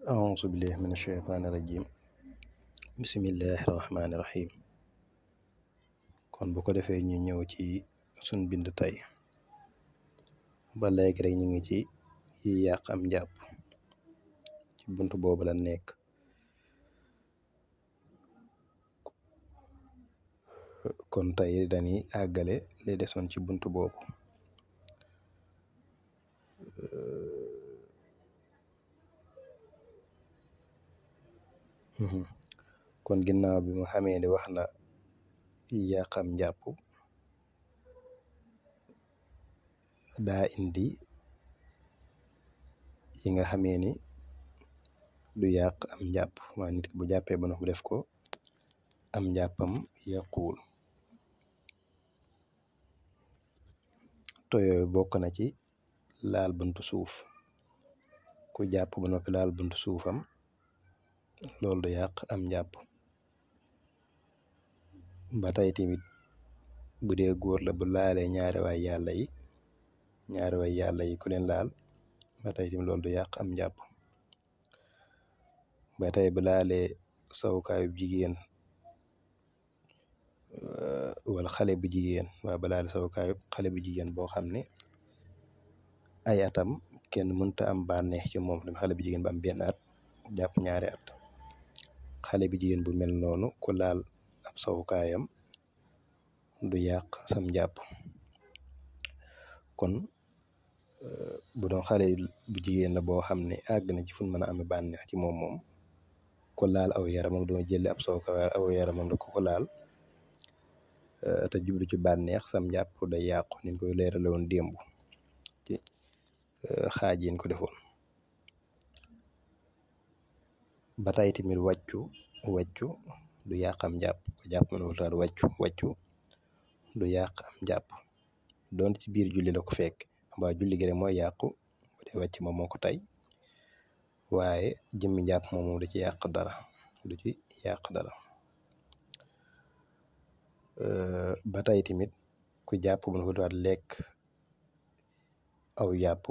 a أعوذ بالله من الشيطان الرجيم bismillahi rahmaani rahim kon bu ko defee ñu ñëw ci sun bind tey ba léegi rek ñu ngi ci yi yàq am njàpp ci bunt boobu la nekk kon tey dañuy àggale li desoon ci bunt boobu Mhm. kon ginnaaw bi mu xamee ne wax na yàqam njàpp daa indi yi nga xamee ni du yàq am njàpp maa nit bu jàppee ba noppi def ko am njàppam yàquwul to yooyu bokk na ci laal buntu suuf ku jàpp ba noppi laal buntu suufam loolu du yàq am njàpp ba tey tamit bu dee góor la bu laalee ñaari waay yàlla yi ñaari waay yàlla yi ku leen laal ba tey tamit loolu du yàq am njàpp ba tey bu laalee sawukaayub jigéen euh, wala xale bu jigéen waa bu laalee xale bu jigéen boo xam ne ayatam atam kenn mënta am bànneex ci moom xale bu jigéen ba am benn at jàpp ñaari at xale bi jigéen bu mel noonu ku laal ab sawukaayam du yàq sam njàpp kon eh, bu doon xale bu jigéen la boo xam ne àgg na ci fu mën a amee bànneex ci moom moom ko laal aw yaramam doo jële ab sawukaay aw yaramam da ko ko laal eh, te jublu ci bànneex sam njàpp day yàqu niñ koy leeraloon démb ci eh, xaaj yin ko defoon ba tey tamit wàccu du yàq am jàpp ko jàpp mën wut daal wàccu wàccu du yàq am jàpp doon ci biir julli la ko fekk julli gi mooy yàqu bu dee moom moo ko tey waaye jëmmi jàpp moom du ci yàq dara du ci yàq dara ba tey tamit ku jàpp mën wut daal lekk aw yàpp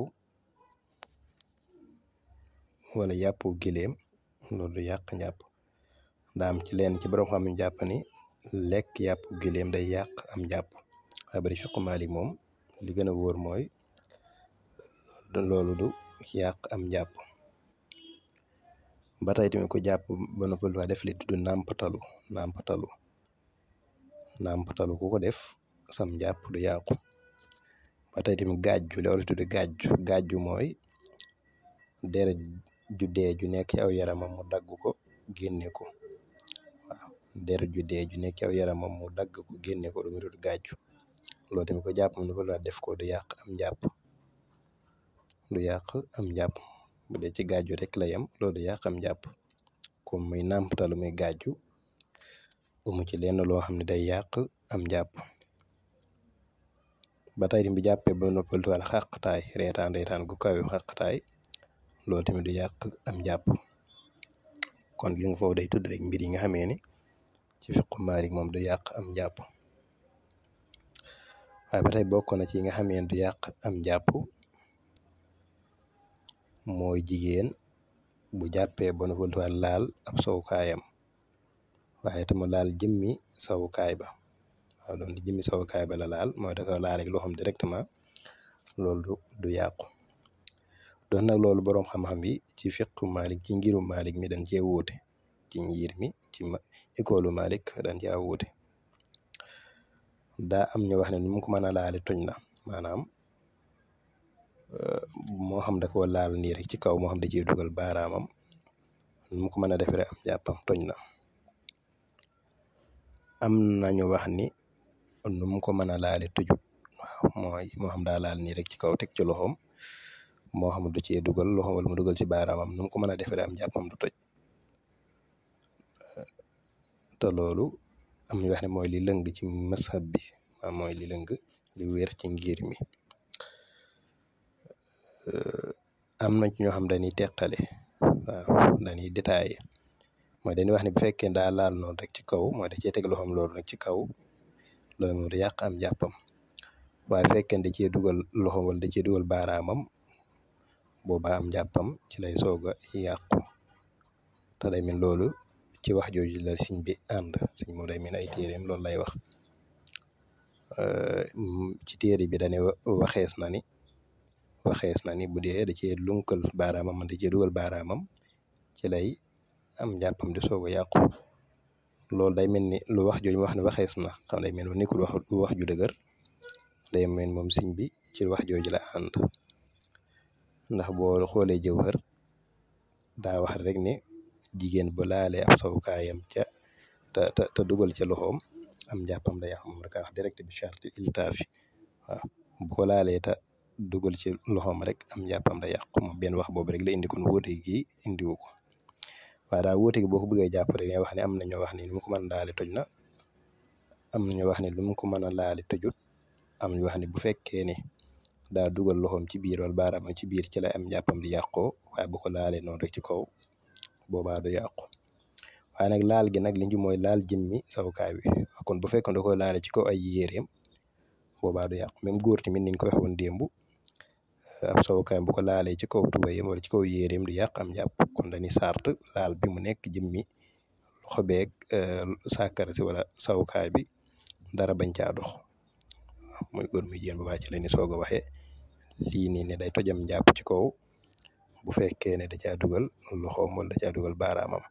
wala yàppu gileem loolu du yàq njàpp daa ci leen ci borom xam ñu ni lekk yàpp gilem day yàq am njàpp waaye bari fiqu maali moom li gën a wóor mooy loolu du yàq am njàpp ba tey ko jàpp ba noppal waa def li tudd nàmpatalu nàmpatalu nàmpatalu ku ko def sam njàpp du yàqu ba tey tamit gaajju loolu tudd gaajju gaajju mooy deret ju dee ju nekk ci aw yaramam mu dagg ko génne ko waaw der ju dee ju nekk ci aw mu dagg ko génne ko lu dul gàccu loolu tamit ko jàpp lu ko la def ko du yàq am njàpp du yàq am njàpp bu dee ci gàccu rek la yem loolu du yàq am njàpp comme muy nàmpatalu muy gàccu umu ci lenn loo xam ne day yàq am njàpp ba tey bi jàppee ba noppal wala xàqtaay reetaan reetaan loolu tamit du yàq am jàpp kon gis nga foofu day tudd rek yi nga xamee ni ci fiqu Maalik moom du yàq am jàpp waaye ba tey bokk na ci yi nga xamee ni du yàq am jàpp mooy jigéen bu jàppee ba nu laal ab sowukaayam waaye te mu laal jëmmi sowukaay ba waaw doon jëmmi sowukaay ba la laal mooy da ko laal ak loxoom directement loolu du yàqu. doon nag loolu boroom xam-xam yi ci fiqu Malik ci ngiru mi dañ cee wuute ci njiir mi ci école Malik dañ cee wuute daa am ñu wax ne nu mu ko mën a laale toj na maanaam euh, moo xam da koo laal nii rek ci kaw moo xam da cee dugal baaraamam nu ko mën a defaree am jàppam toj na am nañu wax ni nu mu ko mën a laale tujut waaw mooy moo xam daa laal nii rek ci kaw teg ci loxoom moo xam du cee dugal loxo wala mu dugal ci baaraamam nu mu ko mën a defee am jàppam du toj te loolu am ñu wax ne mooy li lëng ci mashab bi maanaam li lëng li wér ci ngir mi am na ci ñoo xam dañuy teqale waaw dañuy détaillé mooy dañuy wax ne bu fekkee daa laal noonu rek ci kaw mooy da cee teg loxoom loolu rek ci kaw loolu moom am jàppam waaye fekkee da cee dugal loxoom wala da cee dugal baaraamam boobaa am njàppam ci lay soog a yàqu te day mel loolu ci wax jooju la siñ bi ànd siñ moom day mel ay téeréem loolu lay wax mm, ci téere bi dane waxees na ni waxees na ni bu dee da cee lunkal baaraamam man da cee dugal baaraamam ci lay am njàppam di soog a yàqu loolu day mel ni lu wax jooju wax ne waxees na xam day mel ni wax ju dëgër day mel siñ bi ci wax jooju la ànd ndax boo xoolee jëwhër daa wax rek ne jigéen bu laalee ab sawukaayam ca te te te dugal ce loxoom am jàppam day am rek wax direct bi charte iltaafi waaw bu ko laalee te dugal ci loxom rek am jàppam day yàqu moom benn wax boobu rek la indi kon wóote gi indiwu ko waaye daal wóote gi boo ko bëggee jàpp rek wax ne am na ñoo wax ne lu mu ko mën a laale toj na am na ñoo wax ne lu mu ko mën a laale tojut am ñu wax ne bu fekkee ne. daa dugal loxoom ci biir wala baaraamam ci biir ci la am njàppam di yàqoo waaye bu ko laalee noonu rek ci kaw boobaa du yàqu waaye nag laal gi nag li ñu mooy laal jëmmi sawukaay bi kon bu fekkoon da ko laale ci kaw ay yéreem boobaa du yàqu même góor tamit ni ko waxee woon bu ko laalee ci kaw tubayam wala ci kaw yéreem du yàq am njàpp kon dañuy sart laal bi mu nekk jëmmi loxo beeg eh, sàkkara sawukaay bi dara bañ caa dox muy góor muy jigéen bu baax ci la ñu soog a waxee. lii nii ne day tojam jàpp ci kaw bu fekkee ne da caadugal loxo loxoom da caadugal dugal baaraamam